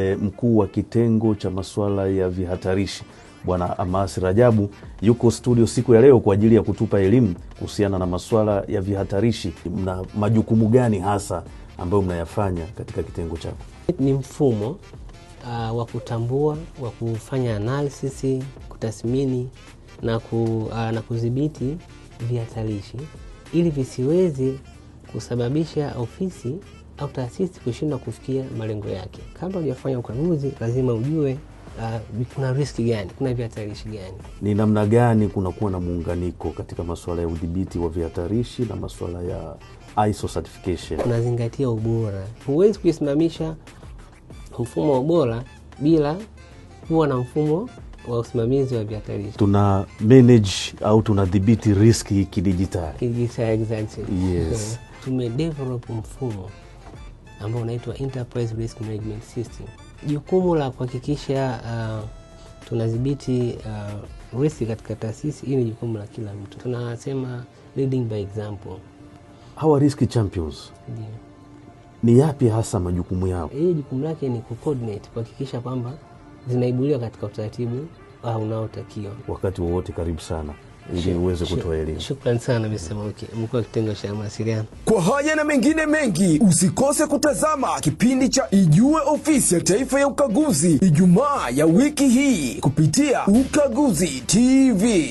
E, mkuu wa kitengo cha masuala ya vihatarishi Bwana Amas Rajabu yuko studio siku ya leo kwa ajili ya kutupa elimu kuhusiana na masuala ya vihatarishi. Mna majukumu gani hasa ambayo mnayafanya katika kitengo chako? Ni mfumo uh, wa kutambua wa kufanya analysis, kutathmini na, ku, uh, na kudhibiti vihatarishi ili visiweze kusababisha ofisi au taasisi kushindwa kufikia malengo yake. Kabla ujafanya ukaguzi, lazima ujue uh, kuna riski gani, kuna vihatarishi gani, ni namna gani kunakuwa na muunganiko katika masuala ya udhibiti wa vihatarishi na masuala ya ISO certification. Unazingatia ubora, huwezi kuisimamisha mfumo wa ubora bila kuwa na mfumo wa usimamizi wa vihatarishi. Tuna manage au tunadhibiti riski kidijitali. Yes. Okay. Tumedevelop mfumo ambao unaitwa Enterprise Risk Management System. Jukumu la kuhakikisha uh, tunadhibiti uh, risk katika taasisi hii ni jukumu la kila mtu. Tunasema leading by example. Hawa risk champions yeah. Ni yapi hasa majukumu yao? Hii jukumu lake ni kucoordinate, kuhakikisha kwamba zinaibuliwa katika utaratibu uh, unaotakiwa wakati wowote. Karibu sana ili uweze kutoa elimu. Shukrani sana Mr. Mauki, mkuu wa kitengo cha mawasiliano. Kwa haya na mengine mengi, usikose kutazama kipindi cha Ijue Ofisi ya Taifa ya Ukaguzi Ijumaa ya wiki hii kupitia Ukaguzi TV.